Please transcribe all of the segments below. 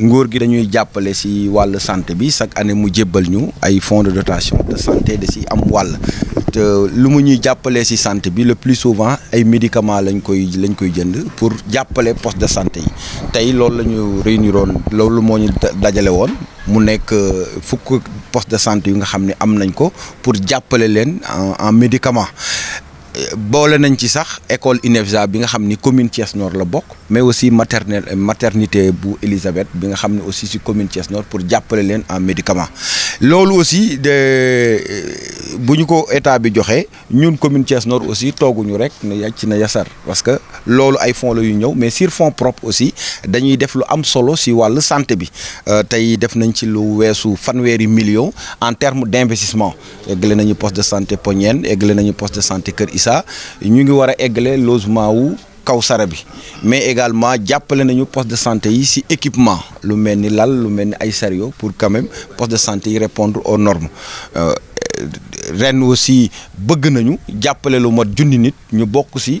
nguur gi dañuy jàppale si wàll santé bi chaque année mu jébbal ñu ay fonds de dotation de santé da si am wàll te lu mu ñuy jàppale si santé bi le plus souvent ay médicament lañ koy lañ koy jënd pour jàppale poste de santé yi tey loolu la ñu réuniroon loolu moo ñu dajale woon mu nekk euh, fukk poste de santé yu nga xam ne am nañ ko pour jàppale leen en médicament bolé nañ ci sax école INEFJA bi nga xamni commune Thiès Nord la bok mais aussi maternelle maternité bu Elisabeth bi nga xamni aussi ci commune Thiès Nord pour jappalé len en médicament lolu aussi de bu ko état bi joxé ñun commune Thiès Nord aussi tooguñu rek ne yàcc na yasar parce que lolu ay fonds la yu mais sur fonds propres aussi dañuy def lu am solo si wàllu santé bi euh, tay def nañ ci lu wessu fanweeri millions en terme d'investissement. investissement nañu poste de santé Pognène eggale nañu poste de santé Cœur Issa ñu ngi wara a logement wu kaw bi mais également jàppale nañu poste de santé yi ci équipement lu melni lal lu melni ay sérieux pour quand même poste de santé y répondre aux normes euh, ren aussi bëgg nañu jàppale lu mod junni nit ñu bokku ci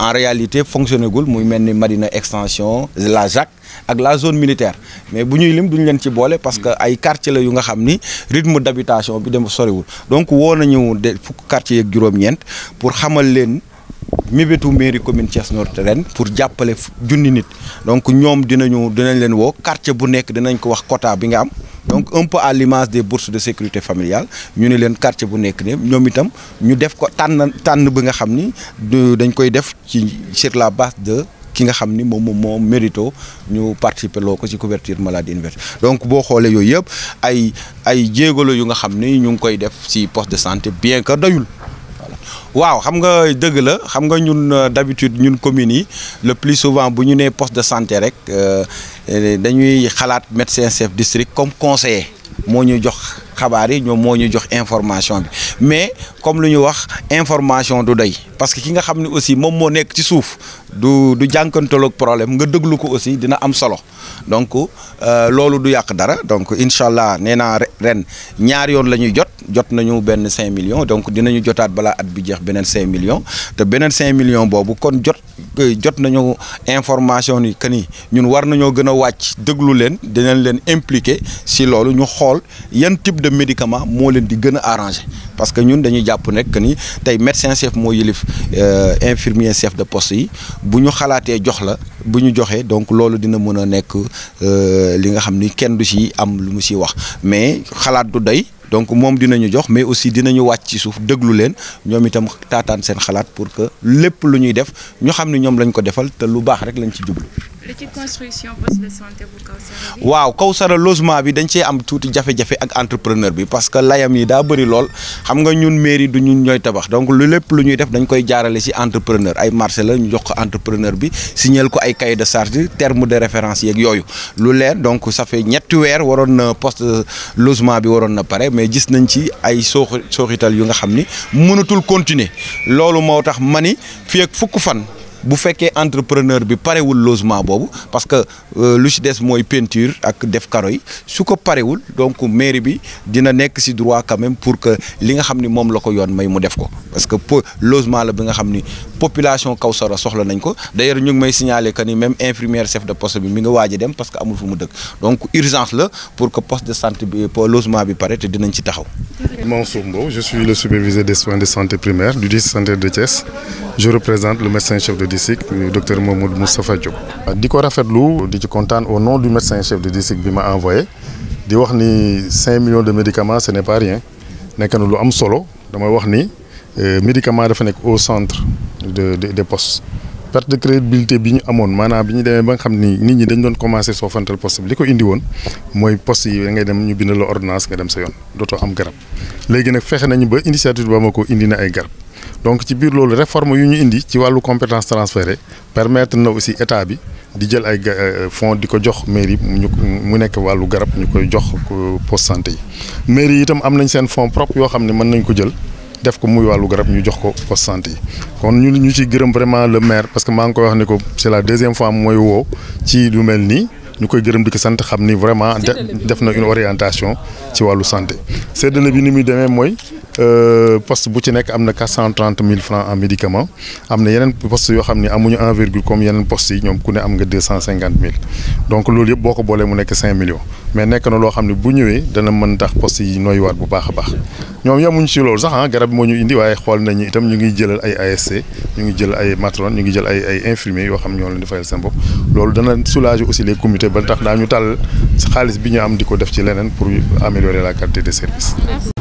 en réalité fonctionné muy mel ni marina extension la ZAC ak la zone militaire mais bu ñuy lim duñ leen ci boole parce que ay quartier la yu nga xam ni rythme d'habitation bi dem soriwul donc woo nañu de fukk quartier yeeg juróom-ñeent pour xamal leen mébétu mairie commune Thiès Nord ren pour jàppale junni nit donc ñoom dinañu dinañ leen woo quartier bu nekk dinañ ko wax quota bi nga am donc un peu à l'image des bourses de sécurité familiale ñu ne leen quartier bu nous ne ñoom ñu def ko sur la base de ki nga xamni mérito ñu participer à ci couverture maladie inverse. donc si xolé yooyu ay ay yu nga xamni def poste de santé bien que waaw xam nga deug la xam nga ñun euh, d'habitude ñun commune yi le plus souvent bu ñu né poste de santé rek euh, dañuy xalat médecin chef district comme conseiller mo ñu jox xabaar yi ñoom moo ñu jox information bi mais comme lu ñu wax information du doy parce que ki nga xam ne aussi moom moo nekk ci suuf du du jànkantaloo problème nga déglu ko aussi dina am solo donc euh, loolu du yàq dara donc incha allah nee naa ren ñaar yoon la ñuy jot jot nañu benn 5 millions donc dinañu jotaat balaa at bi jeex beneen 5 millions te beneen 5 millions boobu kon jot euh, jot nañu information ni que ni ñun war nañoo gën a wàcc déglu leen dinañ leen impliqué si loolu ñu xool de médicament moo leen di gën a arrangé parce que ñun dañuy jàpp nekk ni tey médecin chef moo yilif euh, infirmier chef de poste yi bu ñu xalaatee jox la bu ñu joxee donc loolu dina mën a nekk euh, li nga xam ni kenn du si am lu mu si wax mais xalaat du day donc moom dinañu jox mais aussi dinañu wàcc ci suuf déglu leen ñoom itam taataan seen xalaat pour que lépp lu ñuy def ñu xam ne ñoom lañ ko defal te lu baax rek lañ ci jublu. li ci construction poste de bi. dañ cee am tuuti jafe-jafe ak entrepreneur bi parce que layam yi daa bëri lool xam nga ñun mairie du ñu ñooy tabax donc lu lépp lu ñuy def dañ koy jaarale si entrepreneur ay marché la ñu jox ko entrepreneur bi siñeel ko ay cahier de charge terme de référence yeeg yooyu lu leer donc ça ñetti weer waroon na poste logement bi waroon na pare mais gis nañ ci ay soox sooxital yu nga xam ni mënatul continuer loolu moo tax ma ni fii ak fukk fan. bu fekkee entrepreneur bi parewul losement boobu parce que euh, lu si des mooy peinture ak def karo yi su ko parewul donc mairie bi dina nekk si droit quand même pour que li nga xam ni moom la ko yoon may mu def ko parce que po logement la bi nga xam ni population Kawsara soxla nañ ko d'ailleurs ñu ngi may signaler que ni même infirmière chef de poste bi mi nga waaj a dem parce que amul fu mu dëkk donc urgence la pour que poste de sant bi logement bi pare te dinañ ci taxaw. Mansoumbo, je suis le superviseur des soins de santé primaire du district santé de Thiès. Je représente le médecin-chef de district, le docteur Mahmoud Moustapha Diop. Diko rafetlu di content au nom du médecin-chef de district qui ma envoyé di wax ni 5 millions de médicaments ce n'est pas rien nekk na lu am solo damay wax ni euh, au centre de des postes. perte de crédibilité bi ñu amoon maanaam bi ñu demee ba nga xam ni nit ñi dañ doon commencé soofantal poste bi li ko indi woon mooy poste yi da ngay dem ñu bind la ordonnance nga dem sa yoon dootoo am garab léegi nag fexe nañu ba initiative ko indi na ay garab donc ci biir loolu réforme yu ñu indi ci wàllu compétence transférée permettre na aussi état bi di jël ay euh, fonds di ko jox mairie ñu mu nekk wàllu garab ñu koy jox euh, poste santé yi mairie itam am nañ seen fonds propre yoo xam ne mën nañ ko jël def ko muy walu garab ñu jox ko poste santé kon ñu ñu ci gërëm vraiment le maire parce que ma ngi koy wax ni ko c'est la deuxième fois moy wo ci lu melni ñu koy gërëm dik ko xamni xam ni vraiment def na une orientation ci walu santé c'est séddale bi ni muy moy euh, poste bu ci nek amna na quatre francs en médicament amna yenen poste yo xamni amuñu 1, comme yenen poste yi ñom ku ne am nga deux cent donc lool yeb boko bolé mu nek 5 millions mais nek na lo xamni ne bu ñëwee dana mën tax poste yi noyyiwaat bu baaxa baax ñoom yemuñ si loolu sax ah garab moo ñu indi waaye xool nañu itam ñu ngi jëlal ay ASC ñu ngi jël ay matrone ñu ngi jël ay ay infirmiers yoo xam ñoo leen di seen bopp loolu dana soulager aussi les comités ba tax daa ñu tàll xaalis bi ñu am di ko def ci leneen pour améliorer la qualité de service